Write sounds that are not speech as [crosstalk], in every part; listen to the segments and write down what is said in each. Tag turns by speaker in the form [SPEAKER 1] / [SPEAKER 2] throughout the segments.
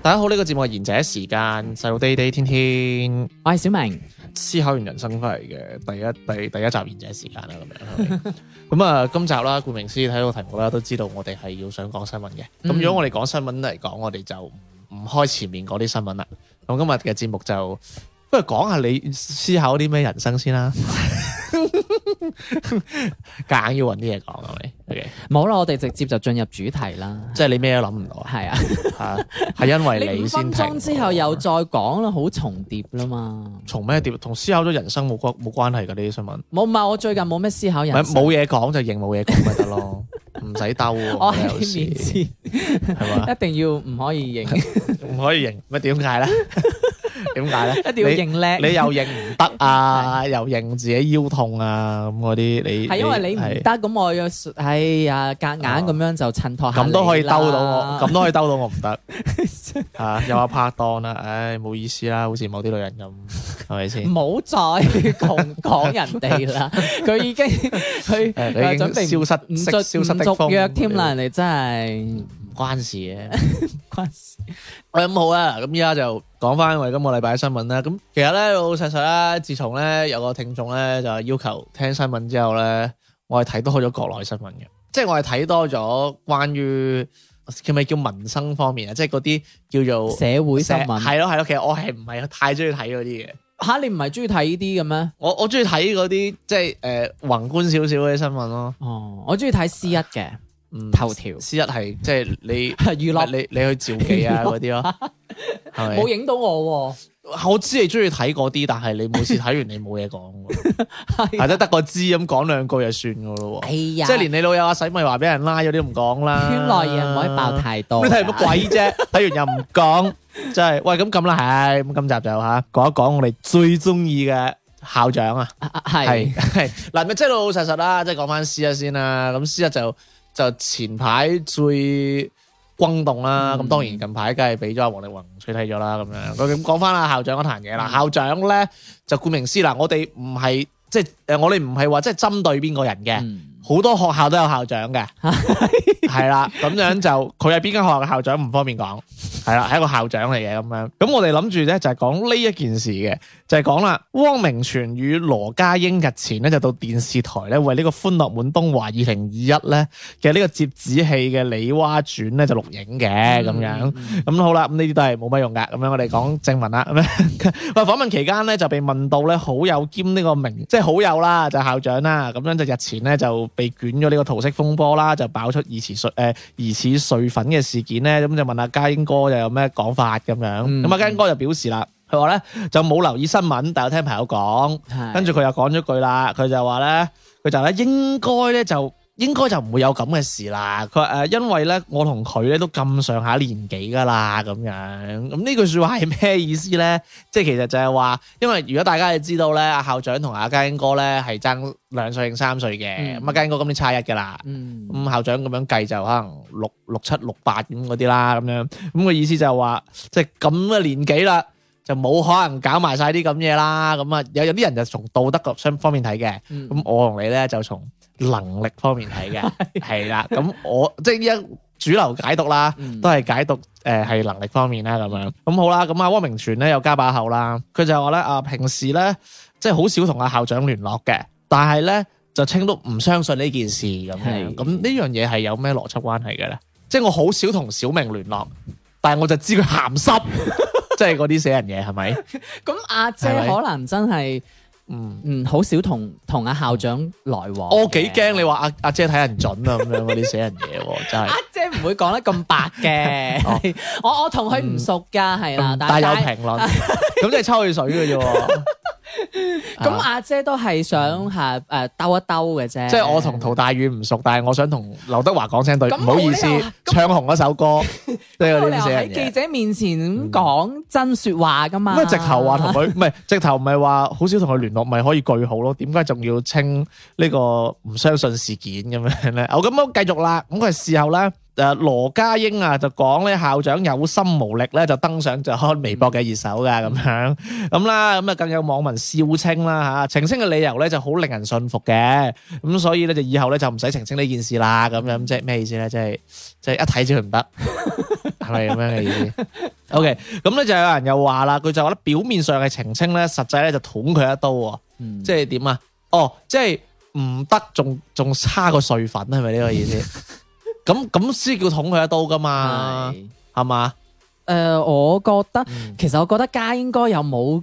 [SPEAKER 1] 大家好，呢、這個節目係賢者時間，細路弟弟天天，我係小明，思考完人生翻嚟嘅第一第一第一集賢者時間啦，咁樣，咁啊、 [laughs] 呃，今集啦，顧名思義，睇到題目啦，都知道我哋係要想講新聞嘅，咁如果我哋講新聞嚟講，嗯、我哋就唔開前面嗰啲新聞啦，咁今日嘅節目就不如講下你思考啲咩人生先啦。 [laughs] 夾 [laughs] 硬要揾啲嘢講，係、okay、咪？冇啦，我哋直接就進入主題啦。即係你咩都諗
[SPEAKER 2] 唔到，係啊，係 [laughs] 因為你五分鐘之後又再講啦，好重疊啦
[SPEAKER 1] 嘛。重咩疊？同思考咗人生冇關冇關係噶呢啲新聞。
[SPEAKER 2] 冇，唔係我最近冇咩思考人，冇
[SPEAKER 1] 嘢講就認，冇嘢講咪得咯，唔使兜。 [laughs] 我係面子，係
[SPEAKER 2] 嘛？ [laughs] [laughs] 一定要唔可以認，
[SPEAKER 1] 唔 [laughs] 可以認，咪點解咧？ [laughs] 點解咧？一定要認叻，你又認唔得啊，又認自己腰痛啊咁嗰啲，你係因為你唔得，
[SPEAKER 2] 咁我要哎呀夾硬咁樣就襯托下。咁都可以兜到我，咁都可以兜
[SPEAKER 1] 到我唔得啊！又話拍檔啦，唉，冇意思啦，好似某啲女人咁，係咪先？唔
[SPEAKER 2] 好再
[SPEAKER 1] 同講人哋啦，佢已經
[SPEAKER 2] 佢準備消失，唔續消失的約添啦，人
[SPEAKER 1] 哋真係。關事嘅， [laughs] 關事。喂、哎，咁好啦，咁依家就講翻我哋今個禮拜嘅新聞啦。咁其實咧老老實實咧，自從咧有個聽眾咧就要求聽新聞之後咧，我係睇多咗國內新聞嘅，即係我係睇多咗關於，叫咪叫民生方面啊？即係嗰啲叫做社會新聞。係咯係咯，其實我係唔係太中意睇嗰啲嘅。吓，你唔係中意睇呢啲嘅咩？我我中意睇嗰啲，即係誒、呃、宏觀少少嘅新聞咯。哦，我中意睇 C 一嘅。 [laughs] 頭條 C 一係即係你娛樂你你去召記啊嗰啲咯，冇影到我。我知你中意睇嗰啲，但係你每次睇完你冇嘢講，係都得個知咁講兩句就算噶咯。係呀，即係連你老友阿使咪話俾人拉咗啲唔講啦。圈內嘢唔可以爆太多。你睇乜鬼啫？睇完又唔講，即係喂咁咁啦，係咁今集就吓講一講我哋最中意嘅校長啊，係係嗱，咪即係老老實實啦，即係講翻 C 一先啦，咁 C 一就。就前排最轟動啦，咁、嗯、當然近排梗係俾咗阿王力宏取替咗啦，咁樣咁講返啦，校長嗰壇嘢啦，嗯、校長咧就顧名思嗱，我哋唔係即係誒，我哋唔係話即係針對邊個人嘅。嗯好多學校都有校長嘅，係啦， [laughs] 咁樣就佢係邊間學校嘅校長唔方便講，係啦，係一個校長嚟嘅咁樣。咁我哋諗住咧就係、是、講呢一件事嘅，就係、是、講啦，汪明荃與羅家英日前咧就到電視台咧為呢個《歡樂滿東華》二零二一咧，其實呢個接子戲嘅《李娃傳》咧就錄影嘅咁樣。咁、嗯、好啦，咁呢啲都係冇乜用嘅。咁樣我哋講正文啦。咁樣佢 [laughs] 訪問期間咧就被問到咧好友兼呢個名，即、就、係、是、好友啦，就是、校長啦。咁樣就日前咧就。被捲咗呢個桃色風波啦，就爆出疑似碎誒、呃、疑似碎粉嘅事件咧，咁就問阿嘉英哥又有咩講法咁樣？咁阿嘉英哥就表示啦，佢話咧就冇留意新聞，但係聽朋友講，跟住佢又講咗句啦，佢就話咧佢就咧應該咧就。應該就唔會有咁嘅事啦。佢話、呃、因為咧，我同佢咧都咁上下年紀噶啦，咁樣咁呢句説話係咩意思咧？即係其實就係、是、話，因為如果大家係知道咧，阿校長同阿家英哥咧係爭兩歲定三歲嘅，咁阿家英哥今年差一噶啦，咁、嗯、校長咁樣計就可能六六七六八咁嗰啲啦，咁樣咁嘅、那個、意思就係話，即係咁嘅年紀啦，就冇可能搞埋晒啲咁嘢啦。咁啊，有有啲人就從道德個相方面睇嘅，咁、嗯、我同你咧就從。能力方面睇嘅，係啦， [laughs] 咁我即係依家主流解讀啦，都係解讀誒係、呃、能力方面啦咁樣。咁 [laughs] 好啦，咁阿汪明荃咧又加把口啦，佢就話咧啊，平時咧即係好少同阿校長聯絡嘅，但係咧就稱都唔相信呢件事咁的樣。咁呢樣嘢係有咩邏輯關係嘅咧？ [laughs] 即係我好少同小明聯絡，但係我就知佢鹹濕，即係嗰啲死人嘢係咪？
[SPEAKER 2] 咁 [laughs] [laughs] 阿姐可能真係。嗯嗯，好少同同阿校長來往。我
[SPEAKER 1] 幾驚你話阿阿姐睇人準啊，咁樣嗰啲死人嘢真係。阿
[SPEAKER 2] 姐唔 [laughs] 會講得咁白嘅、 [laughs] 哦， [laughs] 我我同佢唔熟噶，係啦、嗯，對但係有評
[SPEAKER 1] 論，咁即係抽佢水嘅啫。咁阿
[SPEAKER 2] [laughs] 姐都係想吓誒兜一兜嘅啫，即係、啊就是、我同
[SPEAKER 1] 陶大宇唔熟，但係我想同劉德華講聲對唔 [laughs] 好意思，唱紅一首歌，即係呢記者
[SPEAKER 2] 面前咁講真說話噶嘛咁、嗯、直頭話同佢唔
[SPEAKER 1] 係，直頭唔係話好少同佢聯絡，咪可以句號咯？點解仲要稱呢個唔相信事件咁樣咧？ [laughs] 哦，咁我繼續啦，咁佢事後咧。誒，羅家英啊，就講咧校長有心無力咧，就登上咗微博嘅熱搜噶咁樣，咁啦，咁啊更有網民笑稱啦吓，澄清嘅理由咧就好令人信服嘅，咁所以咧就以後咧就唔使澄清呢件事啦，咁樣即係咩意思咧？即係即係一睇就唔得，係咪咁樣嘅意思？OK，咁咧就有人又話啦，佢就話咧表面上嘅澄清咧，實際咧就捅佢一刀啊，嗯、即係點啊？哦，即係唔得，仲仲差個碎粉係咪呢個意思？嗯 [laughs] 咁咁先叫捅佢一刀㗎嘛，係嘛是？誒吧、呃，我覺得其實我覺得家應該有冇。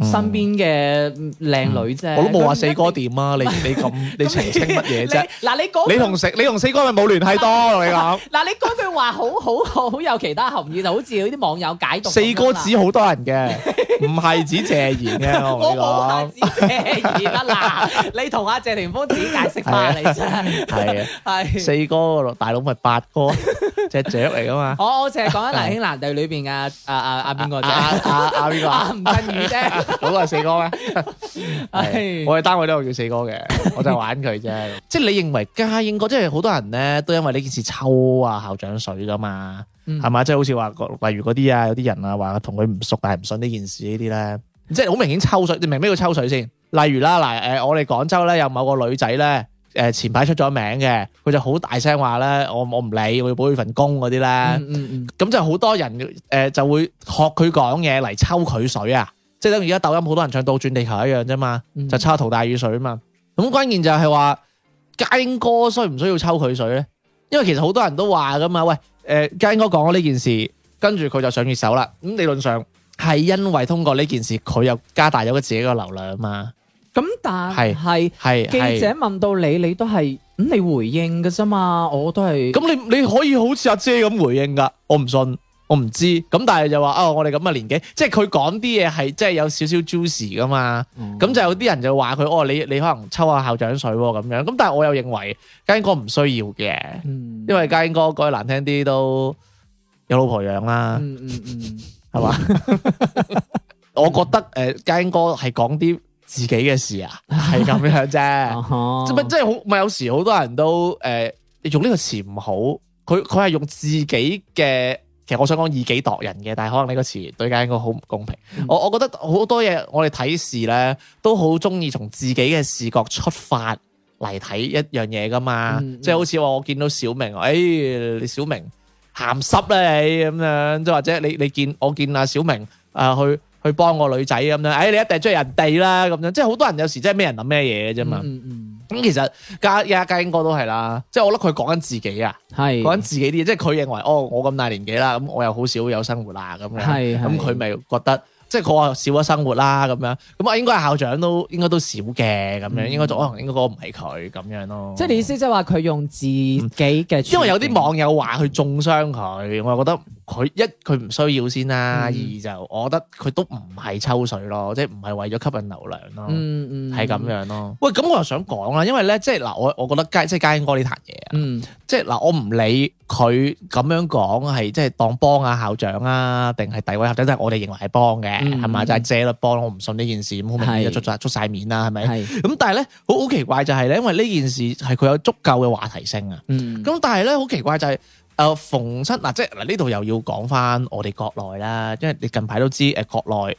[SPEAKER 1] 身
[SPEAKER 2] 邊嘅靚女啫，我都冇話四哥
[SPEAKER 1] 點啊！你你咁你澄清乜嘢啫？嗱，你講，你同四你同四哥咪冇聯繫多？你講，
[SPEAKER 2] 嗱，你嗰句話好好好有其他含意，就好似啲網友解讀。四哥指
[SPEAKER 1] 好多人嘅，唔係指謝賢嘅。我冇指謝賢
[SPEAKER 2] 啦，你同阿謝霆鋒指解釋
[SPEAKER 1] 翻嚟啫。係啊，係四哥大佬咪八哥隻雀嚟噶嘛？我
[SPEAKER 2] 我淨係講緊《難兄難弟》裏邊阿阿阿邊個啫？阿阿邊個？阿吳鎮
[SPEAKER 1] 宇啫。好都係四哥咩？我哋單位都係叫四哥嘅，我就玩佢啫。 [music] 即係你認為家英哥即係好多人咧，都因為呢件事抽啊校長水噶嘛？係嘛、嗯？即係好似話例如嗰啲啊，有啲人啊話同佢唔熟，但係唔信呢件事呢啲咧，嗯、即係好明顯抽水。你明咩叫抽水先？例如啦，嗱，誒，我哋廣州咧有某個女仔咧，誒前排出咗名嘅，佢就好大聲話咧，我我唔理，我要保佢份工嗰啲咧，咁就好多人誒就會學佢講嘢嚟抽佢水啊！即係等於而家抖音好多人唱倒轉地球一樣啫嘛，嗯、就差圖大雨水啊嘛。咁關鍵就係話家英哥需唔需要抽佢水咧？因為其實好多人都話噶嘛，喂，誒、呃，家英哥講咗呢件事，跟住佢就上熱搜啦。咁、嗯、理論上係因為通過呢件事，佢又加大咗佢自己嘅流量嘛。
[SPEAKER 2] 咁但係是係
[SPEAKER 1] 記者
[SPEAKER 2] 問到你，你都係咁你回應嘅啫嘛，我都係。咁
[SPEAKER 1] 你你可以好似阿姐咁回應噶，我唔信。我唔知，咁但係就話啊、哦，我哋咁嘅年紀，即係佢講啲嘢係即係有少少 juicy 噶嘛，咁就、嗯、有啲人就話佢哦，你你可能抽下校長水咁樣，咁但係我又認為家英哥唔需要嘅，嗯、因為家英哥講難聽啲都有老婆養啦，係嘛？我覺得誒，家英哥係講啲自己嘅事啊，係咁樣啫、 [laughs] 哦吼，即係即係好，唔係有時好多人都誒用呢個詞唔好，佢佢係用自己嘅。其實我想講以己度人嘅，但係可能呢個詞對佢應該好唔公平。我我覺得好多嘢，我哋睇事咧都好中意從自己嘅視角出發嚟睇一樣嘢㗎嘛。嗯嗯，即係好似話我見到小明，誒、哎、你小明鹹濕、呃哎，啦你咁樣，即或者你你見我見阿小明啊去去幫個女仔咁樣，誒，你一定追人哋啦咁樣。即係好多人有時真係咩人諗咩嘢嘅啫嘛。嗯嗯嗯咁、嗯、其實家家家英哥都係啦，即係我覺得佢講緊自己啊，講緊是自己啲嘢，即係佢認為哦，我咁大年紀啦，咁我又好少有生活啦咁樣，咁佢咪覺得。即係佢話少咗生活啦咁樣，咁啊應該係校長都應該都少嘅咁樣，應該就可能應該嗰個唔係佢咁樣咯。即係你意思即係話佢用自己嘅，因為有啲網友話佢中傷佢，嗯、我覺得佢一佢唔需要先啦，嗯、二就我覺得佢都唔係抽水咯，即係唔係為咗吸引流量咯，嗯嗯，
[SPEAKER 2] 係、嗯、咁樣
[SPEAKER 1] 咯。喂，咁我又想講啦，因為咧即係嗱，我我覺得皆即係佳英哥呢壇嘢啊，即係嗱，我唔理。佢咁樣講係即係當幫啊校長啊，定係詆毀校長？即係我哋認為係幫嘅，係嘛、嗯？就係、是、借力幫，我唔信呢件事，咁咪又出晒出晒面啦，係咪？咁是、嗯、但係咧，好好奇怪就係、是、咧，因為呢件事係佢有足夠嘅話題性啊。咁、嗯、但係咧，好奇怪就係、是、誒，逢親嗱，即係嗱呢度又要講翻我哋國內啦，因為你近排都知誒、呃，國內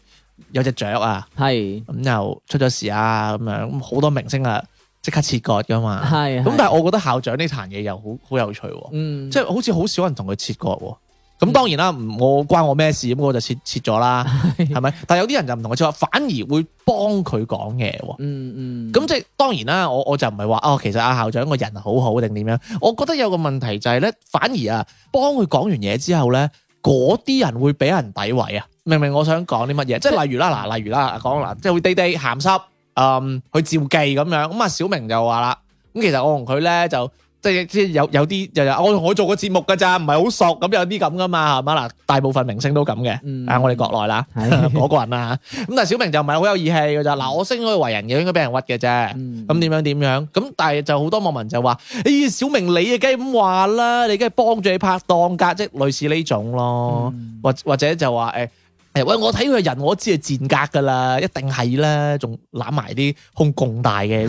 [SPEAKER 1] 有隻雀啊，係咁是、嗯、又出咗事啊，咁樣咁好多明星啊。即刻切割噶嘛，係咁，但係我覺得校長呢壇嘢又好好有趣、哦，嗯，即係好似好少人同佢切割、哦，咁當然啦，唔、嗯、我,我關我咩事，咁我就切切咗啦，係咪是？但係有啲人就唔同佢切割，反而會幫佢講嘢，嗯嗯，咁即係當然啦，我我就唔係話哦，其實阿、啊、校長個人好好定點樣，我覺得有個問題就係、是、咧，反而啊幫佢講完嘢之後咧，嗰啲人會俾人詆毀啊，明唔明？我想講啲乜嘢？即係、嗯嗯、例如啦，嗱，例如啦，講啦，即係會地地咸濕。嗯，去照記咁樣，咁、嗯、啊小明就話啦，咁其實我同佢咧就即即有有啲又又我同我做個節目㗎咋，唔係好熟，咁有啲咁噶嘛，係咪？嗱，大部分明星都咁嘅，啊、嗯、我哋國內啦，嗰個人啦，咁 [laughs] 但係小明就唔係好有義氣㗎咋，嗱，我升應該為人嘅應該俾人屈嘅啫，咁點、嗯嗯、樣點樣，咁但係就好多網民就話，咦、哎、小明你啊，梗係咁話啦，你梗係幫住你拍檔㗎，即類似呢種咯，或、嗯、或者就話誒。欸誒，喂，我睇佢個人，我都知係賤格噶啦，一定係啦，仲攬埋啲胸咁大嘅，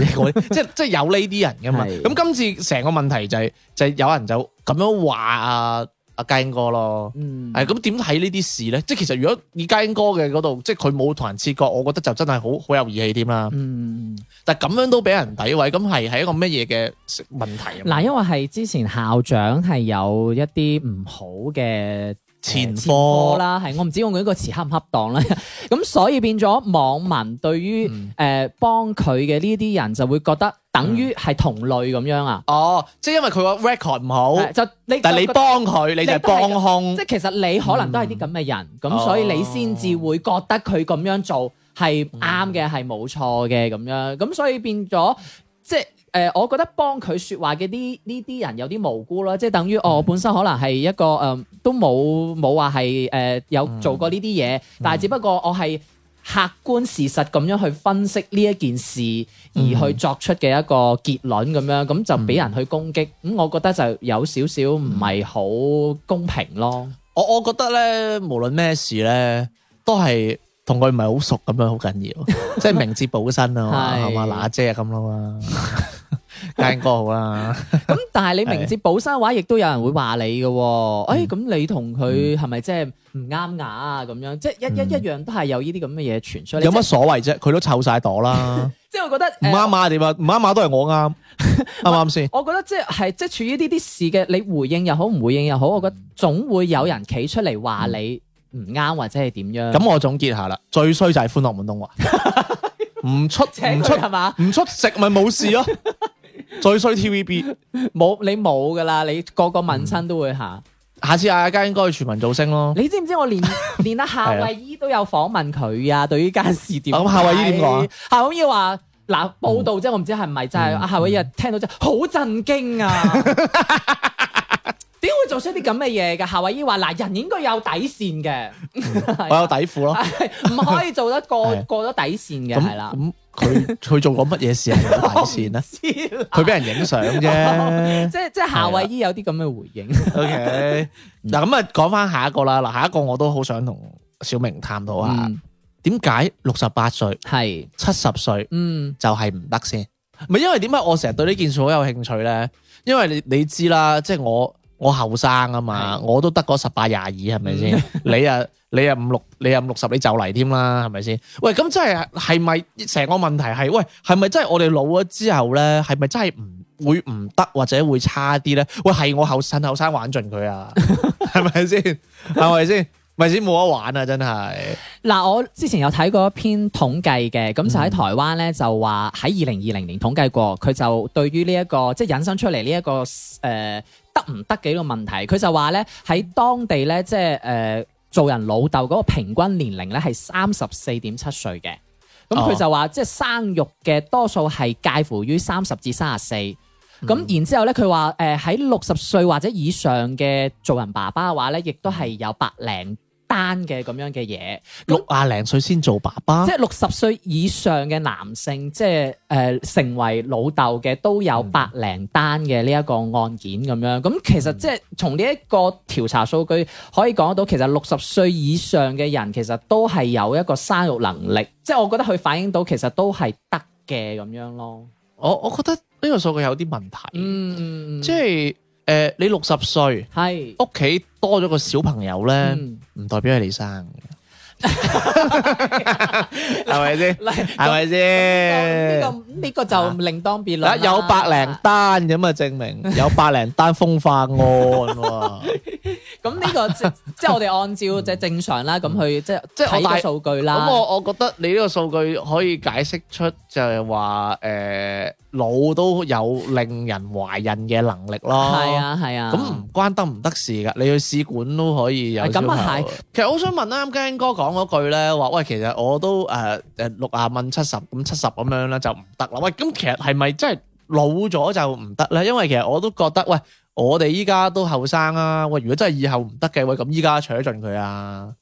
[SPEAKER 1] 即係即係有呢啲人噶嘛。咁今次成個問題就係就係有人就咁樣話阿阿嘉英哥咯。嗯，係咁點睇呢啲事咧？即係其實如果以嘉英哥嘅嗰度，即係佢冇同人切割，我覺得就真係好好有義氣添啦。嗯，但係咁樣都俾人詆毀，咁係係一個乜嘢嘅問題？
[SPEAKER 2] 嗱，因為係之前校長係有一啲唔好嘅前科啦，係波、嗯、我唔知用佢呢個詞恰唔恰當啦。咁 [laughs] 所以變咗網民對於誒幫佢嘅呢啲人就會覺得等於係同類咁、嗯、樣啊。哦，即係因為佢個 record 唔好，就你但係你幫佢，你就係幫兇。嗯、即係其實你可能都係啲咁嘅人，咁、嗯、所以你先至會覺得佢咁樣做係啱嘅，係冇錯嘅咁樣。咁所以變咗即係。誒、呃，我覺得幫佢説話嘅呢呢啲人有啲無辜咯，即係等於我本身可能係一個誒、呃，都冇冇話係誒有做過呢啲嘢，嗯、但係只不過我係客觀事實咁樣去分析呢一件事，而去作出嘅一個結論咁、嗯、樣，咁就俾人去攻擊，咁、嗯、我覺得就有少少唔係好
[SPEAKER 1] 公平咯、嗯。我我覺得咧，無論咩事咧，都係。同佢唔係好熟咁樣，好緊要，即係明哲保身啊，係嘛娜姐咁啦嘛，嘉欣哥好啦。咁
[SPEAKER 2] 但係你明哲保身嘅話，亦都有人會話你嘅。哎，咁你同佢係咪即係唔啱牙啊？咁樣即係一一一樣都係有呢啲咁嘅嘢傳出嚟。有乜
[SPEAKER 1] 所謂啫？佢都臭晒朵啦。
[SPEAKER 2] 即係我覺得唔啱嘛？
[SPEAKER 1] 你話？唔啱嘛都係我啱，啱唔啱先？
[SPEAKER 2] 我覺得即係即係處於呢啲事嘅，你回應又好，唔回應又好，我覺得總會有人企出嚟話你。唔啱或者係點樣？咁我
[SPEAKER 1] 總結下啦，最衰就係歡樂滿東華，唔出食係嘛？唔出食咪冇事咯。最衰 TVB，冇你冇噶啦，你個個問親都會吓。下次亞亞家應該去全民造星咯。你知唔知我連
[SPEAKER 2] 連阿夏慧依都有訪問佢啊？對於呢間
[SPEAKER 1] 事點？咁夏慧依點講？
[SPEAKER 2] 夏慧依話嗱，報道啫，我唔知係咪真係。夏慧依聽到真係好震驚啊！點會做出啲咁嘅嘢嘅？夏威夷話嗱，人應該有底線嘅，
[SPEAKER 1] 我有底褲咯，
[SPEAKER 2] 唔可以做得過過咗底線嘅。係啦，咁
[SPEAKER 1] 佢佢做過乜嘢事係底線啊？
[SPEAKER 2] 佢俾人影相啫，即係即係夏威夷有啲咁嘅回應。
[SPEAKER 1] OK，嗱咁啊，講翻下一個啦。嗱，下一個我都好想同小明探討下，點解六十八歲係七十歲嗯就係唔得先？係因為點解我成日對呢件事好有興趣咧？因為你你知啦，即係我。我後生啊嘛，的我都得嗰十八廿二，係咪先？ [laughs] 你啊，6, 你啊五六，6, 你啊五六十，6, 你就嚟添啦，係咪先？喂，咁真係係咪成個問題係？喂，係咪真係我哋老咗之後咧，係咪真係唔會唔得或者會差啲咧？喂，係我後生後生玩盡佢啊，係咪先？係咪先？咪先冇得玩啊！真係。
[SPEAKER 2] 嗱，我之前有睇過一篇統計嘅，咁就喺台灣咧，就話喺二零二零年統計過，佢、嗯、就對於呢一個即係引申出嚟呢一個誒。呃呃呃呃得唔得幾個問題？佢就話咧喺當地咧，即係誒、呃，做人老豆嗰個平均年齡咧係三十四點七歲嘅。咁佢就話即係生育嘅多數係介乎於三十至三十四。咁然之後咧，佢話誒喺六十歲或者以上嘅做人爸爸嘅話咧，亦都係有百零。單嘅咁樣嘅嘢，
[SPEAKER 1] 六啊零歲先做爸爸，
[SPEAKER 2] 即係六十歲以上嘅男性，即係誒、呃、成為老豆嘅都有百零單嘅呢一個案件咁樣。咁、嗯、其實即係從呢一個調查數據可以講到，其實六十歲以上嘅人其實都係有一個生育能力，即係我覺得佢反映到其實都係
[SPEAKER 1] 得嘅咁樣咯。我我覺得呢個數據有啲問題，嗯嗯、即係。誒、呃，你六十歲係屋企多咗個小朋友咧，唔、嗯、代表係你生，係咪先？係咪先？呢個呢、呢個
[SPEAKER 2] 呢個就另當別論、啊、有百零
[SPEAKER 1] 單咁啊，證明有百零單風化案啊！ [laughs] [laughs]
[SPEAKER 2] 咁呢、 [laughs] 這個即係我哋按照即係正常啦，咁、嗯、去即係即係睇個數據啦。咁我、嗯嗯、
[SPEAKER 1] 我覺得你呢個數據可以解釋出就係話誒老都有令人懷孕嘅能力咯。係啊係啊。咁、嗯、唔、嗯嗯、關得唔得事噶，你去試管都可以有。咁啊係。嗯嗯嗯嗯、其實我想問啦，阿驚哥講嗰句咧話，喂，其實我都誒誒六廿蚊七十咁七十咁樣咧就唔得啦。喂，咁其實係咪真係老咗就唔得咧？因為其實我都覺得喂。我哋依家都後生啊！喂，如果真係以後唔得嘅，喂，咁依家取盡佢啊，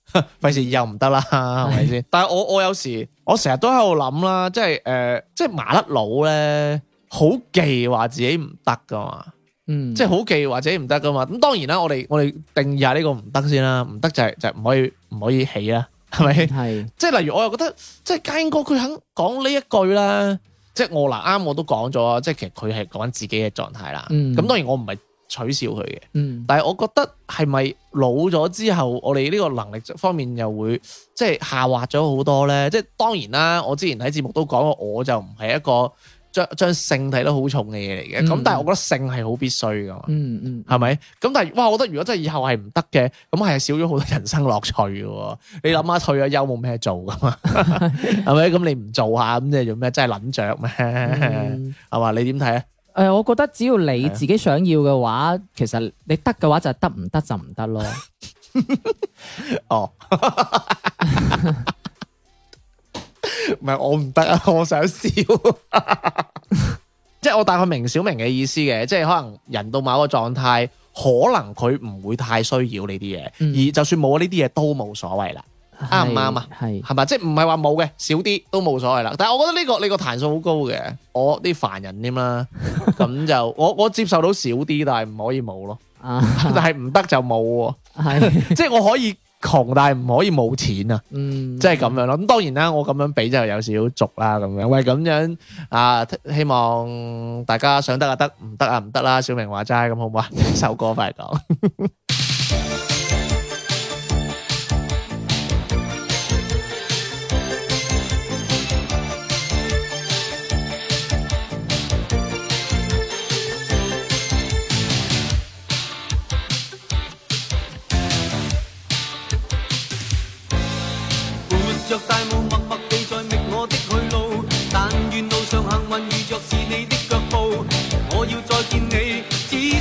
[SPEAKER 1] 費事以後唔得啦，係咪先？但係我我有時我成日都喺度諗啦，即係誒、呃，即係麻甩佬咧，好忌話自己唔得噶嘛，嗯，
[SPEAKER 2] 即係好
[SPEAKER 1] 忌話自己唔得噶嘛。咁當然啦，我哋我哋定義下呢個唔得先啦，唔得就係、是、就唔、是、可以唔可以起啦，係咪？係是，即係例如我又覺得，即係家英哥佢肯講呢一句啦，即係我嗱啱我都講咗即係其實佢係講緊自己嘅狀態啦。嗯，咁當然我唔係。取笑佢嘅，但係我覺得係咪老咗之後，我哋呢個能力方面又會即係下滑咗好多咧？即係當然啦，我之前喺節目都講過，我就唔係一個將將性睇得好重嘅嘢嚟嘅。咁但係我覺得性係好必須噶嘛，係咪、嗯嗯嗯？咁但係哇，我覺得如果真係以後係唔得嘅，咁係少咗好多人生樂趣嘅。你諗下退咗休冇咩做噶嘛？係咪、嗯？ [laughs] 咁、嗯、 [laughs] 你唔做下，咁即係做咩？真係諗着咩？係嘛、嗯？ [laughs] [laughs] 你點睇啊？
[SPEAKER 2] 誒、呃，我覺得只要你自己想要嘅話，的其實你得嘅話就係得，唔得
[SPEAKER 1] 就唔得咯。 [laughs] 哦，唔 [laughs] 係 [laughs] [laughs] 我唔得啊，我想笑。 [laughs] [laughs] 即係我大概明小明嘅意思嘅，即係可能人到某個狀態，可能佢唔會太需要呢啲嘢，嗯、而就算冇呢啲嘢都冇所謂啦。啱唔啱啊？係，係咪？即係唔係話冇嘅，少啲都冇所謂啦。但係我覺得呢個你個彈數好高嘅，我啲凡人添啦，咁就我我接受到少啲，但係唔可以冇咯。啊，但係唔得就冇喎。係，即係我可以窮，但係唔可以冇錢啊。嗯，即係咁樣咯。咁當然啦，我咁樣比就有少少俗啦，咁樣喂咁樣啊，希望大家想得啊得，唔得啊唔得啦。小明話齋咁好唔好啊？首歌快講。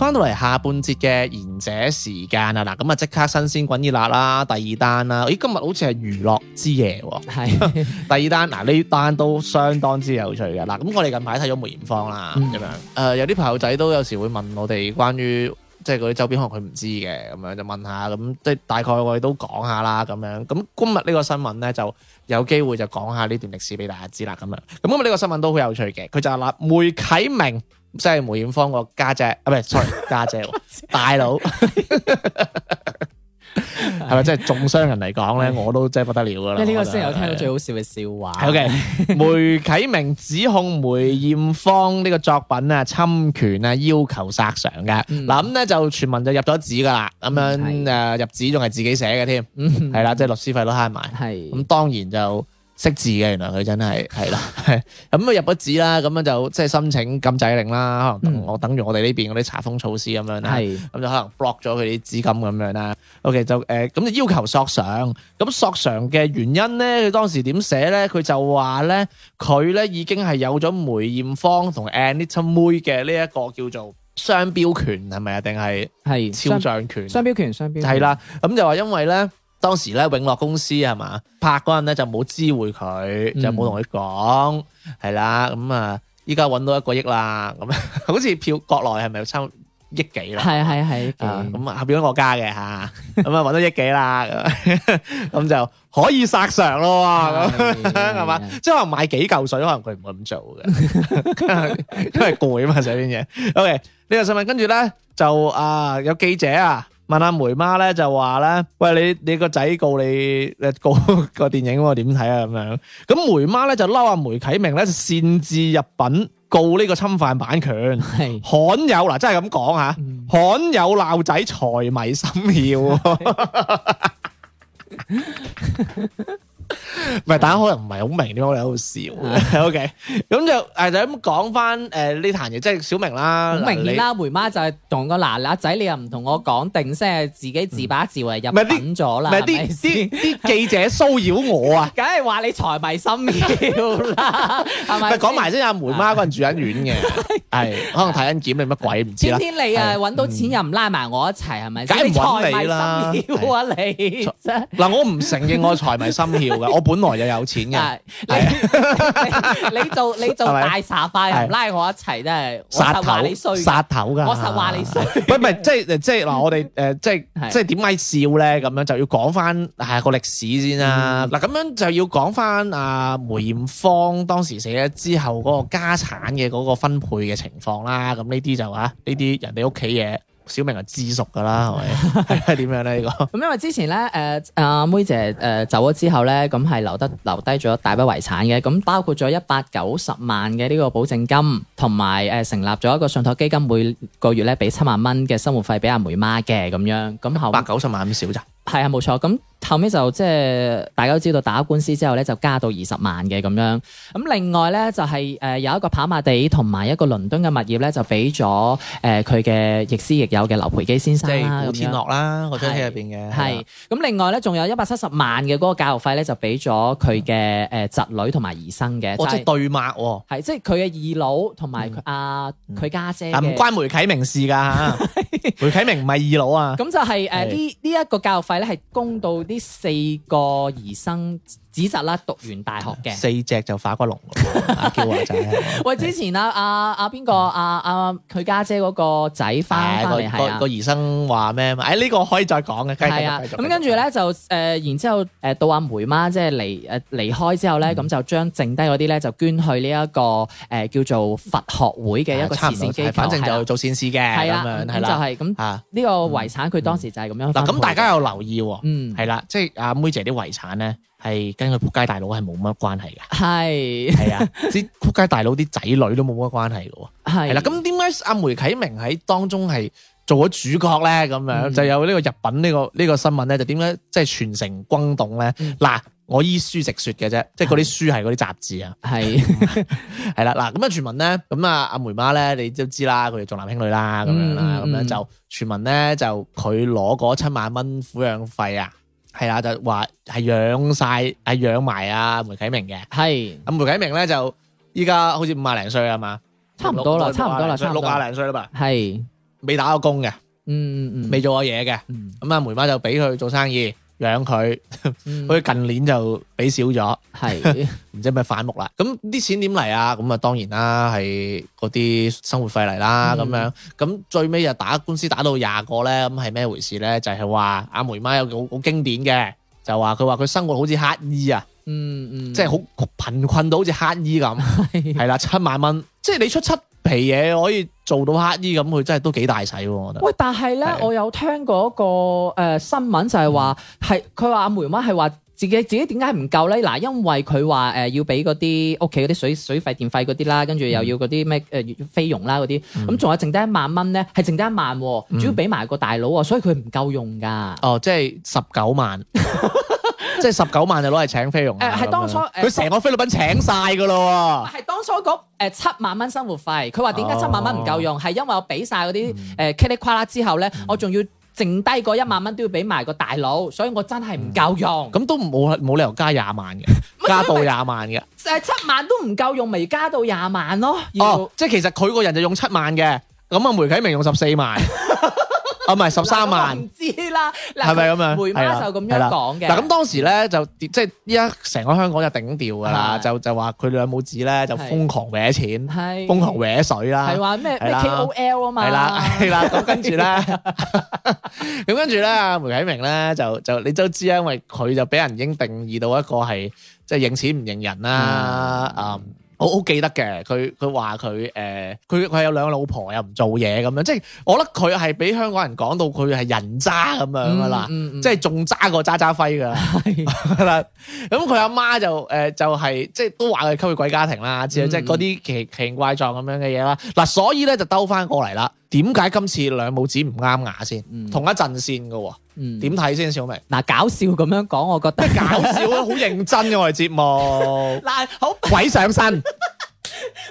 [SPEAKER 1] 翻到嚟下半節嘅賢者時間啊嗱，咁啊即刻新鮮滾熱辣啦！第二單啦，咦，今日好似係娛樂之夜喎。 [laughs] 第二單嗱，呢單都相當之有趣嘅嗱。咁我哋近排睇咗梅艷芳啦咁樣。誒、嗯呃、有啲朋友仔都有時會問我哋關於即係嗰啲周邊，可能佢唔知嘅咁樣就問下咁，即係大概我哋都講下啦咁樣。咁今日呢個新聞咧就有機會就講下呢段歷史俾大家知啦咁樣。咁今日呢個新聞都好有趣嘅，佢就係啦梅啟明。嗯即係梅艷芳個家姐、姐，啊唔係，sorry，家姐、姐， [laughs] 大佬哥，係咪即係重傷人嚟講咧？ [laughs] 我都真係不得了噶啦。咁呢個先有聽到最好
[SPEAKER 2] 笑嘅笑話。O、
[SPEAKER 1] okay, K，梅啟明指控梅艷芳呢個作品啊侵權啊，要求索償嘅。嗱咁咧就傳聞就入咗紙噶啦，咁樣誒的、啊、入紙仲係自己寫嘅添，係啦、嗯嗯，即係、就是、律師費都慳埋。係咁，當然就。識字嘅，原來佢真係係啦，係咁啊入咗紙啦，咁樣就即係申請禁制令啦，嗯、可能等我等住我哋呢邊嗰啲查封措施咁樣咧，咁的就可能 block 咗佢啲資金咁樣啦。的 o、okay, K 就誒，咁、呃、就要求索償，咁索償嘅原因咧，佢當時點寫咧？佢就話咧，佢咧已經係有咗梅艷芳同 Anita 妹嘅呢一個叫做商標權，係咪啊？定係係肖像權？商標權，商標係啦，咁就話因為咧。當時咧永樂公司係嘛拍嗰人咧就冇知會佢，嗯、就冇同佢講係啦。咁啊，依家搵到一個億啦。咁 [laughs] 好似票國內係咪差億幾啦？係啊係係。咁啊、嗯，合表個國家嘅吓？咁啊吧，搵到億幾啦？咁就可以殺常咯。咁係嘛？即係話買幾嚿水，可能佢唔會咁做嘅， [laughs] [laughs] 因為攰啊嘛，上邊嘢。O、okay, K，呢個新聞跟住咧就啊、呃、有記者啊。問阿梅媽咧就話咧，喂，你你個仔告你，你告個電影喎點睇啊咁樣？咁梅媽咧就嬲阿梅啟明咧，就擅自入稟告呢個侵犯版權，是罕有嗱，真係咁講吓，罕有鬧仔財迷心竅。是 [laughs] [laughs] 唔係，大家可能唔係好明點解我哋喺度笑。O K，咁就誒，就咁講翻誒呢壇嘢，即係小明啦，明顯啦，梅
[SPEAKER 2] 媽就係同個嗱嗱仔，你又唔同我講定，即係自己自把自為入品咗啦，係咪先？啲
[SPEAKER 1] 記者騷擾我啊，
[SPEAKER 2] 梗係話你財迷心竅啦，係咪？講埋
[SPEAKER 1] 先，阿梅媽嗰陣住緊院嘅，係可能睇緊檢你乜鬼唔知啦。天
[SPEAKER 2] 天你啊揾到錢又唔拉埋我一齊，係咪？梗係揾你啦，你
[SPEAKER 1] 嗱我唔承認我財迷心竅。 [laughs] 我本來就有錢嘅，你
[SPEAKER 2] 做你做大傻瓜拉我一齊，真係， [laughs] 我實話你衰，殺頭㗎，我實話你衰。
[SPEAKER 1] 唔唔係，即係即係嗱，我哋誒即係即係點解笑咧？咁樣就要講翻係個歷史先啦。嗱、嗯，咁樣就要講翻阿梅艷芳當時死咗之後嗰個家產嘅嗰個分配嘅情況啦。咁呢啲就話，呢啲人哋屋企嘢。.小明係知熟噶啦，係咪？係點樣咧？呢個
[SPEAKER 2] 咁因為之前咧，誒、啊、阿梅姐誒走咗之後咧，咁係留得留低咗大筆遺產嘅，咁包括咗一,一百九十萬嘅呢個保證金，同埋誒成立咗一個信託基金，每個月咧俾七萬蚊嘅生活費俾阿梅媽嘅咁樣。咁後一百九十萬咁少咋？係啊，冇錯咁。後尾就即係大家都知道打官司之後咧，就加到二十萬嘅咁樣。咁另外咧就係誒有一個跑馬地同埋一個倫敦嘅物業咧，就俾咗誒佢嘅亦師亦友嘅劉培基先生啦。古天樂啦，我張卡入邊嘅。係。咁、啊、另外咧仲有一百七十萬嘅嗰個教育費咧，就俾咗佢嘅誒侄女同埋兒生嘅。即係對麥喎、啊。即係佢嘅二佬同埋阿佢
[SPEAKER 1] 家姐。唔關梅啟明事㗎嚇。 [laughs] 梅啟明唔係二佬啊。咁 [laughs] 就係誒呢
[SPEAKER 2] 呢一個教育費咧，係公道。呢四個醫生。子侄啦，讀完大學嘅
[SPEAKER 1] 四隻就化骨龍，叫
[SPEAKER 2] 阿仔。喂，之前阿阿阿邊個阿阿佢家姐嗰個仔翻翻嚟，個
[SPEAKER 1] 醫生話咩？誒，呢個可以再講嘅。係啊，咁跟
[SPEAKER 2] 住咧就誒，然之後誒，到阿梅媽即係離誒離開之後咧，咁就將剩低嗰啲咧就捐去呢一個誒叫做佛學
[SPEAKER 1] 會嘅一個慈善機構，反正就做善事嘅。係啦，咁就係咁
[SPEAKER 2] 呢個遺產，佢當時
[SPEAKER 1] 就係咁樣。嗱，咁大家有留意？嗯，係啦，即係阿梅姐啲遺產咧。係跟佢撲街大佬係冇乜關係
[SPEAKER 2] 嘅，
[SPEAKER 1] 係係啊，啲撲街大佬啲仔女都冇乜關係嘅喎，係啦。咁點解阿梅啟明喺當中係做咗主角咧？咁樣就有呢個日品呢個呢個新聞咧，就點解即係全城轟動咧？嗱，我依書直說嘅啫，即係嗰啲書係嗰啲雜誌啊，係係啦。嗱，咁啊，傳聞咧，咁啊，阿梅媽咧，你都知啦，佢哋重男輕女啦，咁樣啦，咁樣就傳聞咧，就佢攞嗰七萬蚊撫養費啊。係啦，就話係養晒，係養埋啊梅啟明嘅。係，咁梅啟明咧就依家好似五啊零歲啊嘛，差唔多啦，差唔多啦，六啊零歲啦吧。係，未打過工嘅，嗯嗯嗯，未做過嘢嘅咁啊梅媽就俾佢做生意。養佢，佢、嗯、 [laughs] 近年就俾少咗，係唔是 [laughs] 知咩反目啦。咁啲錢點嚟啊？咁啊，當然啦，係嗰啲生活費嚟啦，咁、嗯、樣。咁最尾又打官司打到廿個咧，咁係咩回事咧？就係話阿梅媽有個好經典嘅，就話佢話佢生活好似乞兒啊，嗯嗯，即係好貧困到好似乞兒咁，係啦是， [laughs] 七萬蚊，即、就、係、是、你出七。皮嘢可以做到黑衣咁，佢真係都幾大使喎！我覺
[SPEAKER 2] 得。喂，但係咧，我有聽過一個誒、呃、新聞就，就係話係佢話阿梅媽係話。自己自己點解唔夠咧？嗱，因為佢話誒要俾嗰啲屋企嗰啲水水費、電費嗰啲啦，跟住又要嗰啲咩誒菲傭啦嗰啲，咁、呃、仲、嗯、有剩低一萬蚊咧，係剩低一萬，主要俾埋個大佬啊，所以佢唔夠
[SPEAKER 1] 用噶。哦，即係十九萬， [laughs] 即係十九萬就攞嚟請菲傭。誒， [laughs] 係當初佢成個菲律賓請晒噶咯喎。係、
[SPEAKER 2] 呃、當初嗰七萬蚊生活費，佢話點解七萬蚊唔夠用？係、哦、因為我俾晒嗰啲誒揦嚟揦去之後咧，我仲要。剩低嗰一萬蚊都要俾埋個大佬，所以我真係唔
[SPEAKER 1] 夠用。咁、嗯、都冇冇理由加廿萬嘅， [laughs] 加到廿萬
[SPEAKER 2] 嘅，誒七萬都唔夠用，未加到廿萬咯。哦，
[SPEAKER 1] 要即係其實佢個人就用七萬嘅，咁啊梅啟明用十四萬。 [laughs] [music] 啊，唔係十三萬，唔
[SPEAKER 2] 知啦。係咪咁樣？ [music] 梅媽秀咁樣講嘅。嗱、啊，咁、啊、當
[SPEAKER 1] 時咧就即係依家成個香港就頂掉噶啦。就就話佢兩母子咧就瘋狂搲錢，啊、瘋狂搲水啦。係話咩咩 K O L 啊嘛？係啦、啊，係啦、啊。咁、啊、跟住咧，咁 [laughs] [laughs] 跟住咧，梅啟明咧就就你都知啊，因為佢就俾人已經定義到一個係即係認錢唔認人啦，嗯。嗯我好記得嘅，佢佢話佢誒，佢佢、呃、有兩個老婆又唔做嘢咁樣，即係我覺得佢係俾香港人講到佢係人渣咁樣啦，嗯嗯、即係仲渣過渣渣輝噶啦。咁佢阿媽就誒、呃、就係、是、即係都話佢吸血鬼家庭啦，之後即係嗰啲奇奇怪狀咁樣嘅嘢啦。嗱、啊，所以咧就兜翻過嚟啦。點解今次兩母子唔啱牙先？同一陣線㗎，點睇先？小明嗱，搞笑咁樣講，我覺得搞笑咯，好認真嘅我哋節目。嗱，好鬼上身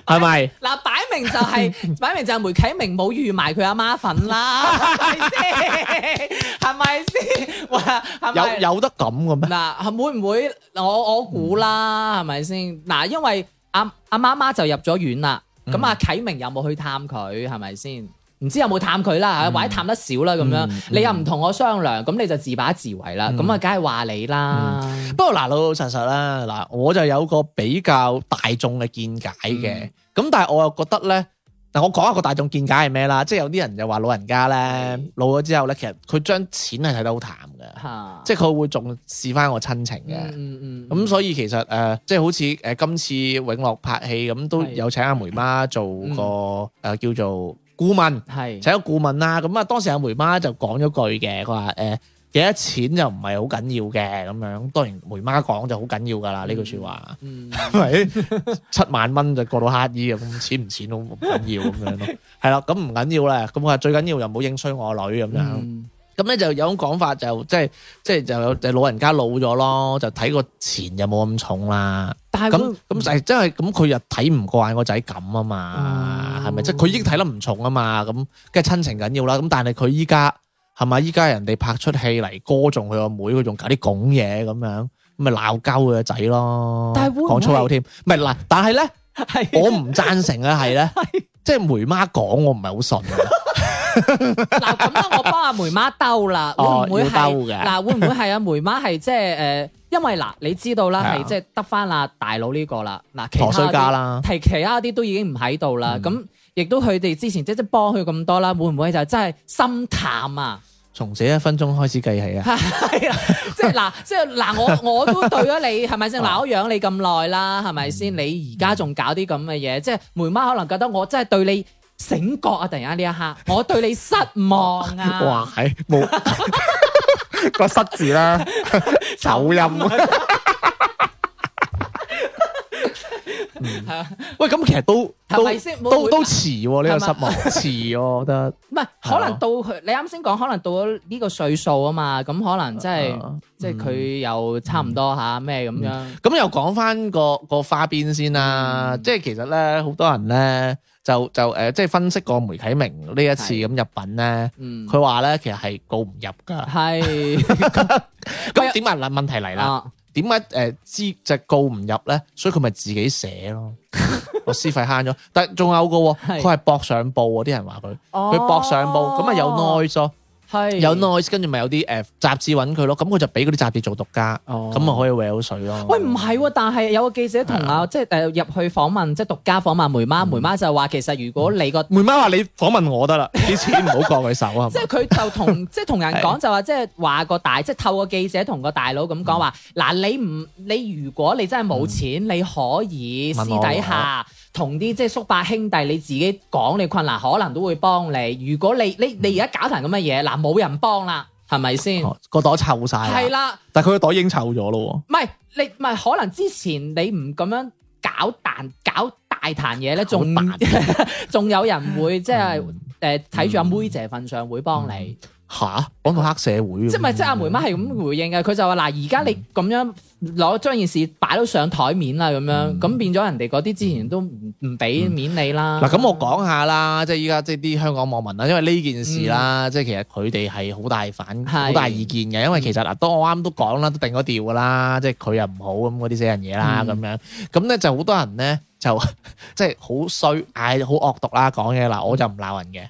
[SPEAKER 1] 係咪？
[SPEAKER 2] 嗱，擺明就係擺明就係梅啟明冇預埋佢阿媽份啦，係咪先？係咪先？有有
[SPEAKER 1] 得咁嘅咩？
[SPEAKER 2] 嗱，會唔會我我估啦？係咪先？嗱，因為阿阿媽媽就入咗院啦，咁阿啟明有冇去探佢？係咪先？唔知有冇探佢啦，或者探得少啦咁樣，你又唔同我商
[SPEAKER 1] 量，咁你就自把自為啦。咁
[SPEAKER 2] 啊，梗係話你啦。
[SPEAKER 1] 不過嗱，老老實實啦，嗱，我就有個比較大眾嘅見解嘅。咁但係我又覺得呢，嗱，我講一個大眾見解係咩啦？即係有啲人就話老人家呢，老咗之後呢，其實佢將錢係睇得好淡
[SPEAKER 2] 嘅，
[SPEAKER 1] 即係佢會重視翻我親情嘅。咁所以其實誒，即係好似誒今次永樂拍戲咁，都有請阿梅媽做個誒叫做。顧問，係請個顧問啦，咁啊當時阿梅媽就講咗句嘅，佢話誒幾多錢又唔係好緊要嘅咁樣，當然梅媽講就好緊要㗎啦呢句説話，係咪七萬蚊就過到黑衣啊？咁錢唔錢都唔緊要咁樣咯，係啦 [laughs] 的，咁唔緊要啦，咁啊最緊要又唔好影衰我女咁樣。嗯咁咧就有種講法，就即係即係就有隻老人家老咗咯，就睇個錢就冇咁重啦。但係咁咁就真係咁，佢又睇唔慣個仔咁啊嘛，係咪即係佢已經睇得唔重啊嘛？咁梗係親情緊要啦。咁但係佢依家係嘛係咪？依家人哋拍出戲嚟歌頌佢個妹，佢仲搞啲拱嘢咁樣，咁咪鬧交個仔咯。講粗口添，唔係嗱，但係咧，我唔贊成啊，係咧，即係梅媽講，我唔係好信。
[SPEAKER 2] 嗱咁啦， [laughs] 我幫阿梅媽兜、哦、啦，會唔會係嗱、啊？會唔會係阿梅媽係即係誒？因為嗱，你知道啦，係即係得返阿大佬呢個啦。嗱，其他家啲提其他啲都已經唔喺度啦。咁亦、嗯、都佢哋之前即即幫佢咁多啦，會唔會就真係心淡啊？
[SPEAKER 1] 從這一分鐘開始計起
[SPEAKER 2] 啊！即係嗱，即係嗱，我我都對咗你，係咪先？嗱、啊，我養你咁耐啦，係咪先？嗯、你而家仲搞啲咁嘅嘢，即係梅媽可能覺得我真係對你。醒覺啊！突然間呢一刻，我對你失望啊！哇，
[SPEAKER 1] 係冇個失字啦，走音啊！係啊，喂，咁其實都都都都遲喎呢個失望，遲我覺得
[SPEAKER 2] 唔係？可能到佢你啱先講，可能到咗呢個歲
[SPEAKER 1] 數啊嘛，咁可能即係即係佢又差唔多吓咩咁樣。咁又講翻個個花邊先啦，即係其實咧，好多人咧。就就誒，即係分析個梅啟明呢一次咁入品咧，佢話咧其實係告唔入㗎。係咁點解啊？問題嚟啦，點解誒知就係告唔入咧？所以佢咪自己寫咯，個師費慳咗。但係仲有個，佢係搏上報，啲人話佢，佢搏上報咁啊有耐咗。有 noise，跟住咪有啲誒雜誌揾佢咯，咁佢就俾嗰啲雜誌做獨家，咁咪可以喂好水咯。喂，
[SPEAKER 2] 唔係喎，但係有個記者同啊，即係誒入去訪問，即係獨家訪問梅媽，梅媽就話其實如果
[SPEAKER 1] 你個梅媽話你訪問我得啦，啲錢唔好過佢手啊。即係
[SPEAKER 2] 佢就同即係同人講就話，即係話個大，即係透過記者同個大佬咁講話，嗱你唔你如果你真係冇錢，你可以私底下。同啲即係叔伯兄弟，你自己講你困難，可能都會幫你。如果你你你而家搞壇咁嘅嘢，嗱冇、嗯、人幫啦，係
[SPEAKER 1] 咪先個袋臭晒？係啦了，但係佢個袋已經臭咗咯喎。
[SPEAKER 2] 唔係你唔係可能之前你唔咁樣搞大搞大壇嘢咧，仲麻仲有人會即係誒睇住阿妹姐份上會幫你。嗯嗯
[SPEAKER 1] 吓，講到黑社會，即咪即
[SPEAKER 2] 阿梅媽係咁回應嘅，佢就話嗱，而家你咁樣攞張件事擺到上台面啦，咁、嗯、樣咁變咗人哋嗰啲之前都唔唔俾面你啦。嗱、嗯，咁、嗯嗯嗯、
[SPEAKER 1] 我講下啦，即係依家即係啲香港網民啦，因為呢件事啦，嗯、即係其實佢哋係好大反，好是大意見嘅，因為其實嗱，嗯、當我啱都講啦，都定咗調噶啦，即係佢又唔好咁嗰啲死人嘢啦，咁、嗯、樣咁咧就好多人咧就即係好衰，嗌好惡毒啦，講嘢嗱，我就唔鬧人嘅。嗯嗯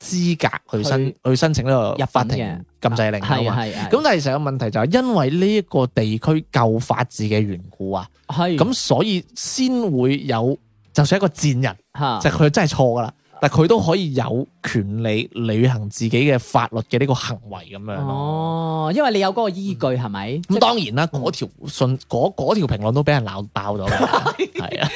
[SPEAKER 1] 資格去申去申請呢個入法庭禁制令啊嘛，咁但係成個問題就係因為呢一個地區舊法治嘅緣故啊，係咁的所以先會有就算一個賤人，就佢的真係錯噶啦。但佢都可以有權利履行自己嘅法律嘅呢個行為咁樣。哦，因為你有嗰個依據係咪？咁當然啦，嗰條信嗰嗰條評論都俾人鬧爆咗嘅，係啊，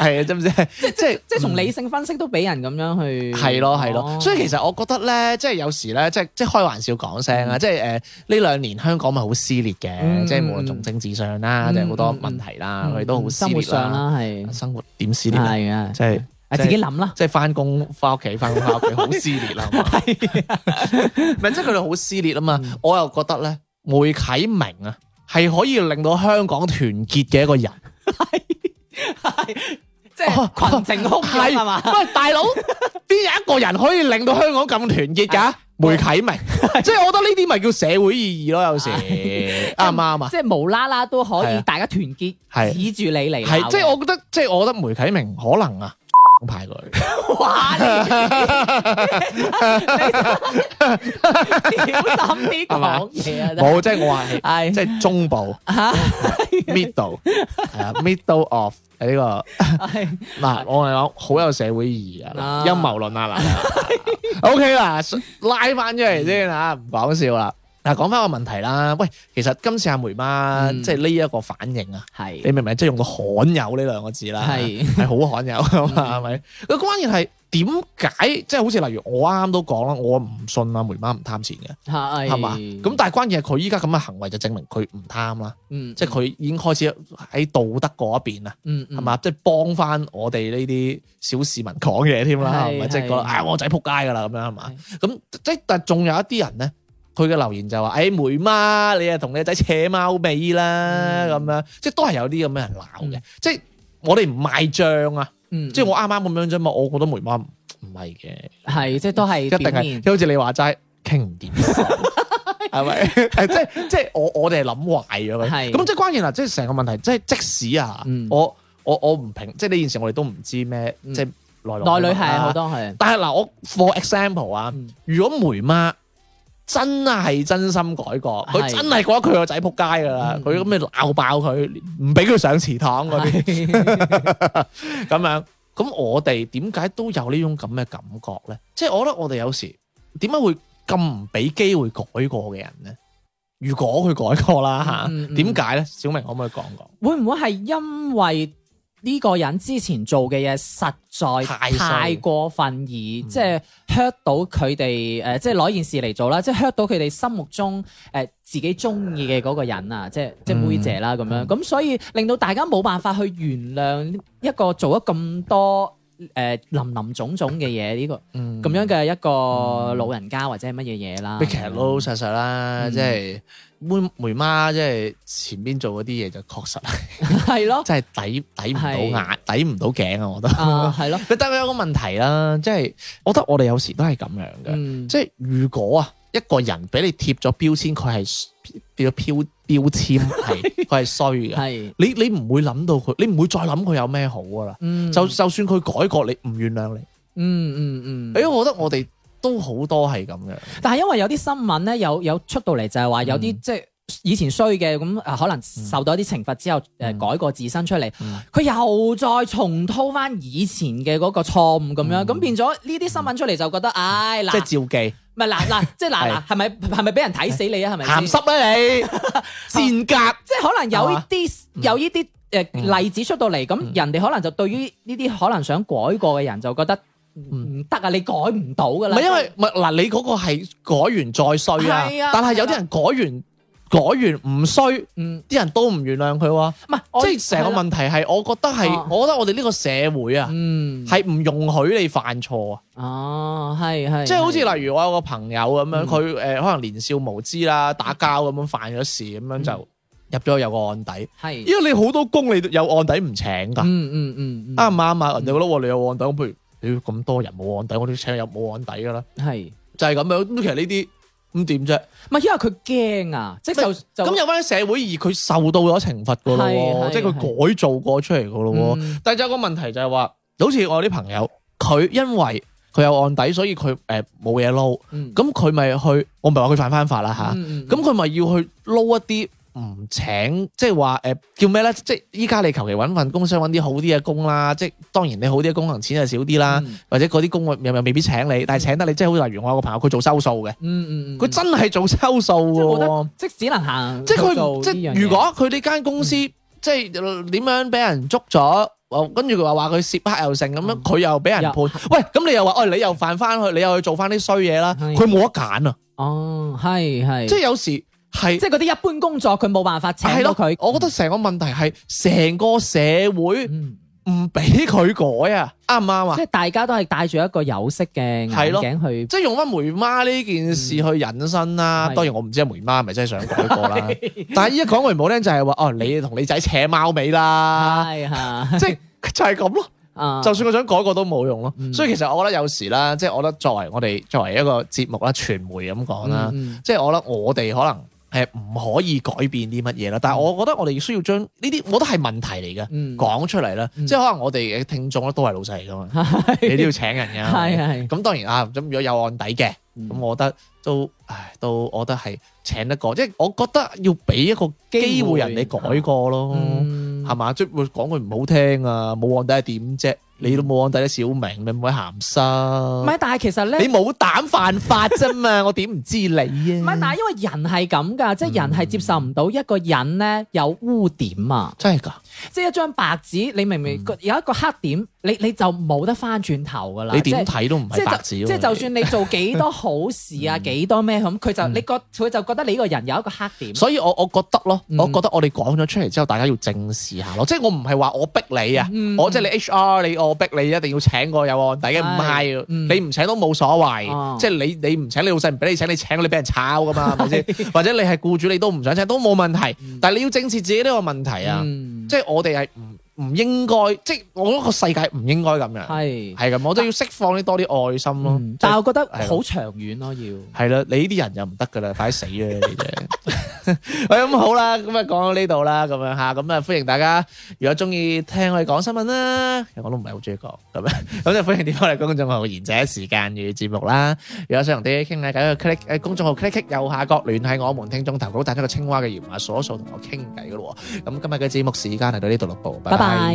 [SPEAKER 1] 係啊，知唔知？即即即從理性分析都俾人咁樣去。係咯係咯，所以其實我覺得咧，即有時咧，即即開玩笑講聲啊，即誒呢兩年香港咪好撕裂嘅，即無論從政治上啦，即定好多問題啦，佢哋都好撕裂啦，係生活點撕裂啊，即係。啊！自己諗啦，即係翻工翻屋企，翻工翻屋企好撕裂啦，係咪？即係佢哋好撕裂啊嘛！我又覺得咧，梅啟明啊，係可以令到香港團結嘅一個人，即係群情洶湧，係嘛？大佬邊有一個人可以令到香港咁團結噶？梅啟明，即係我覺得呢啲咪叫社會意義咯？有時啱唔啱啊？即係
[SPEAKER 2] 無啦啦都可以，大家團結，指住你嚟，係即係我
[SPEAKER 1] 覺得，即係我覺得梅啟明可能啊。派佢，小
[SPEAKER 2] 心
[SPEAKER 3] 啲講嘢啊！我
[SPEAKER 1] 即係我話係，即係中部，middle 係啊，middle of 喺呢個嗱，我係講好有社會意義啊，陰謀論啊嗱，OK 啦，拉翻出嚟先吓，唔講笑啦。嗱，講翻個問題啦。喂，其實今次阿梅媽即係呢一個反應啊，你明唔明？即係用到罕有呢兩個字啦，係係好罕有啊嘛，係咪？個關鍵係點解？即係好似例如我啱啱都講啦，我唔信阿梅媽唔貪錢嘅，係係嘛？咁但係關鍵係佢依家咁嘅行為就證明佢唔貪啦，即係佢已經開始喺道德嗰一邊啦，係嘛？即係幫翻我哋呢啲小市民講嘢添啦，係咪？即係個唉，我仔撲街噶啦咁樣係嘛？咁即係但仲有一啲人咧。佢嘅留言就話：誒梅媽，你啊同你仔扯貓尾啦，咁樣，即係都係有啲咁嘅人鬧嘅，即係我哋唔賣帳啊，即係我啱啱咁樣啫嘛，我覺得梅媽唔係嘅，係即係都係，一定係，即係好似你話齋，傾唔掂，係咪？即係即係我我哋係諗壞咗嘅，係。咁即係關鍵喇！即係成個問題，即係即使啊，我我我唔平，即係呢件事我哋都唔知咩，即係內內裏係好多係。但係嗱，我 for example 啊，如果梅媽，真係真心改過，佢的真係覺得佢個仔撲街噶啦，佢咁、嗯、樣鬧爆佢，唔俾佢上祠堂嗰啲，咁的 [laughs] 樣。咁我哋點解都有呢種咁嘅感覺咧？即、就、係、是、我覺得我哋有時點解會咁唔俾機會改過嘅人咧？如果佢改過啦吓，點解咧？小明可唔可以講講？
[SPEAKER 2] 會唔會係因為？呢個人之前做嘅嘢實在太過分，而即係 hurt 到佢哋誒，即係攞件事嚟做啦，即係 hurt 到佢哋心目中誒自己中意嘅嗰個人啊，嗯、即係即係妹姐啦咁樣，咁、嗯、所以令到大家冇辦法去原諒一個做咗咁多誒、呃、林林總總嘅嘢呢個咁、嗯、樣嘅一個老人家或者係乜嘢嘢
[SPEAKER 1] 啦，其實老老實實啦，即係。梅梅媽即係、就是、前邊做嗰啲嘢就確實係係是咯，即係抵抵唔到壓，抵唔到的頸啊！我都得，係咯。但係有個問題啦，即、就、係、是、我覺得我哋有時都係咁樣嘅，嗯、即係如果啊一個人俾你貼咗標籤，佢係標標標籤係佢係衰嘅，係的你你唔會諗到佢，你唔會，會再諗佢有咩好㗎喇。就、嗯、就算佢改過，你唔原諒你。嗯嗯嗯。誒、嗯，我覺得我哋。都好多係咁嘅，
[SPEAKER 2] 但係因為有啲新聞咧，有有出到嚟就係話有啲即係以前衰嘅，咁，可能受到一啲懲罰之後，誒改過自身出嚟，佢又再重蹈翻以前嘅嗰個錯誤咁樣，咁變咗呢啲新聞出嚟就覺得，唉嗱，即係照記，唔係嗱嗱，即係嗱，係咪係咪俾人睇死你啊？係咪鹹濕咧你？賤格，即係可能有呢啲有呢啲誒例子出到嚟，咁人哋可能就對於呢啲可能想改過嘅人就覺得。唔得啊！你改唔到噶啦，唔係因為
[SPEAKER 1] 咪嗱，你嗰個係改完再衰啊，但係有啲人改完改完唔衰，啲人都唔原諒佢喎。唔係，即係成個問題係，我覺得係，我覺得我哋呢個社會啊，係唔容許你犯錯啊。哦，
[SPEAKER 2] 係係，即係好似例如
[SPEAKER 1] 我有個朋友咁樣，佢誒可能年少無知啦，打交咁樣犯咗事咁樣就入咗有個案底。係，因為你好多工你有案底唔請噶。嗯嗯
[SPEAKER 2] 嗯，
[SPEAKER 1] 啱唔啱啊，人哋覺得我你有案底，不如。咁多人冇案底，我都請入冇案底噶啦，係是就係咁樣。咁其實呢啲咁點啫？唔係因為佢驚啊，即係為就咁入翻社會而佢受到咗懲罰噶咯，即係佢改造過出嚟噶咯。但係就有個問題就係話，好似我啲朋友，佢因為佢有案底，所以佢誒冇嘢撈，咁佢咪去？我唔係話佢犯翻法啦吓，咁佢咪要去撈一啲？唔請，即係話誒，叫咩咧？即係依家你求其揾份工，想揾啲好啲嘅工啦。即係當然，你好啲嘅工可能錢就少啲啦，或者嗰啲工又又未必請你。但係請得你，即係好似例如我有個朋友，佢做收數嘅，嗯嗯，佢真係做收數嘅。
[SPEAKER 2] 即使能行，即係佢，即係如
[SPEAKER 1] 果佢呢間公司，即係點樣俾人捉咗，跟住佢話話佢涉黑又成咁樣，佢又俾人判。喂，咁你又話，哦，你又犯翻去，你又去做翻啲衰嘢啦？佢冇得揀啊！哦，係係，即係有時。係，即係嗰啲一般工作，佢冇辦法請到佢。我覺得成個問題係成個社會唔俾佢改啊，啱唔啱啊？即係大
[SPEAKER 2] 家都係戴住一個有色嘅眼鏡去，
[SPEAKER 1] 即係用翻梅媽呢件事去引申啦。當然我唔知阿梅媽係咪真係想改過啦，但係依家講句唔好聽就係話，哦，你同你仔扯貓尾啦，即係就係咁咯。就算我想改過都冇用咯。所以其實我覺得有時啦，即係我覺得作為我哋作為一個節目啦、傳媒咁講啦，即係我覺得我哋可能。誒唔可以改變啲乜嘢啦，但係我覺得我哋需要將呢啲，我覺得係問題嚟嘅，講、嗯、出嚟啦。嗯、即係可能我哋嘅聽眾咧都係老細嚟噶嘛， [laughs] 你都要請人㗎。係係。咁當然啊，咁如果有案底嘅，咁、嗯、我覺得都唉，都我覺得係請得過。即係我覺得要俾一個機會人哋改過咯，係嘛？即係、就是、講句唔好聽啊，冇案底係點啫？你都冇案底，小明你唔好咸心。唔係，但
[SPEAKER 2] 係其實咧，你冇膽犯法啫嘛， [laughs] 我點唔知你啊？唔係，但係，因為人係咁噶，嗯、即係人係接受唔到一個人咧有污點啊！真係噶。即係一張白紙，你明唔明有一個黑點，你你就冇得翻轉頭
[SPEAKER 1] 噶啦。你點睇都唔係白紙。即係就算
[SPEAKER 2] 你做幾多好事啊，幾多咩咁，佢就你覺佢就覺得你呢個人有一個黑點。
[SPEAKER 1] 所以我我覺得咯，我覺得我哋講咗出嚟之後，大家要正視下咯。即係我唔係話我逼你啊，我即係你 HR，你我逼你一定要請我有案底嘅，唔係，你唔請都冇所謂。即係你你唔請，你老細唔俾你請，你請你俾人炒噶嘛，係咪先？或者你係僱主，你都唔想請都冇問題，但係你要正視自己呢個問題啊。即係我哋係唔唔應該，即係我覺得個世界唔應該咁樣，係係咁，我都要釋放啲多啲愛心咯。但係我覺得好長遠咯，啊，的要係啦，你呢啲人就唔得㗎喇， [laughs] 快啲死啊！你 [laughs] 喂，咁好啦，咁啊講到呢度啦，咁樣吓，咁啊歡迎大家，如果中意聽我哋講新聞啦，其實我都唔係好中意講，咁啊，咁就歡迎點返嚟公眾號《賢者時間》嘅節目啦。如果想同 DJ 傾嘢，記得 click 喺公眾號 click 右下角聯繫我們聽眾投稿，帶咗個青蛙嘅鹽話，鎖鎖同我傾偈噶咯。咁今日嘅節目時間嚟到呢度錄播，拜
[SPEAKER 2] 拜。